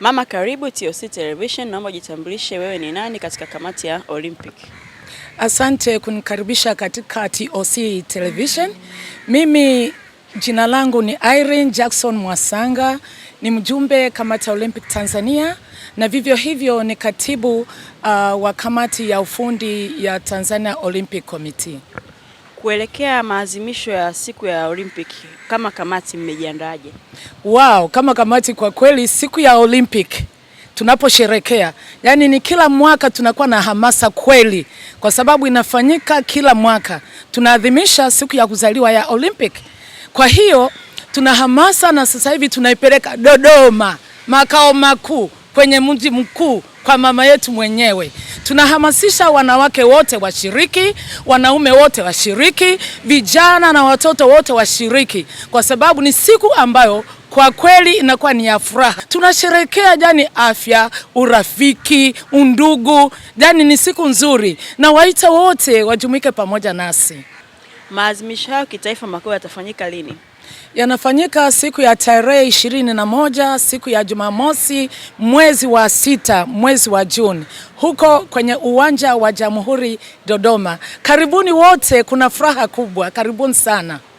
Mama karibu TOC Television, naomba ujitambulishe, wewe ni nani katika kamati ya Olympic? Asante kunikaribisha katika TOC Television. Mimi jina langu ni Irene Jackson Mwasanga, ni mjumbe kamati ya Olympic Tanzania na vivyo hivyo ni katibu uh, wa kamati ya ufundi ya Tanzania Olympic Committee. Kuelekea maadhimisho ya siku ya Olympic kama kamati mmejiandaje? Wow, kama kamati kwa kweli siku ya Olympic tunaposherekea, yani ni kila mwaka tunakuwa na hamasa kweli, kwa sababu inafanyika kila mwaka, tunaadhimisha siku ya kuzaliwa ya Olympic. Kwa hiyo tuna hamasa na sasa hivi tunaipeleka Dodoma, makao makuu, kwenye mji mkuu, kwa mama yetu mwenyewe. Tunahamasisha wanawake wote washiriki, wanaume wote washiriki, vijana na watoto wote washiriki, kwa sababu ni siku ambayo kwa kweli inakuwa ni ya furaha. Tunasherekea jani afya, urafiki, undugu, jani ni siku nzuri, na waita wote wajumuike pamoja nasi. Maadhimisho hayo kitaifa makuu yatafanyika lini? Yanafanyika siku ya tarehe ishirini na moja siku ya Jumamosi mwezi wa sita mwezi wa Juni huko kwenye uwanja wa Jamhuri Dodoma. Karibuni wote, kuna furaha kubwa, karibuni sana.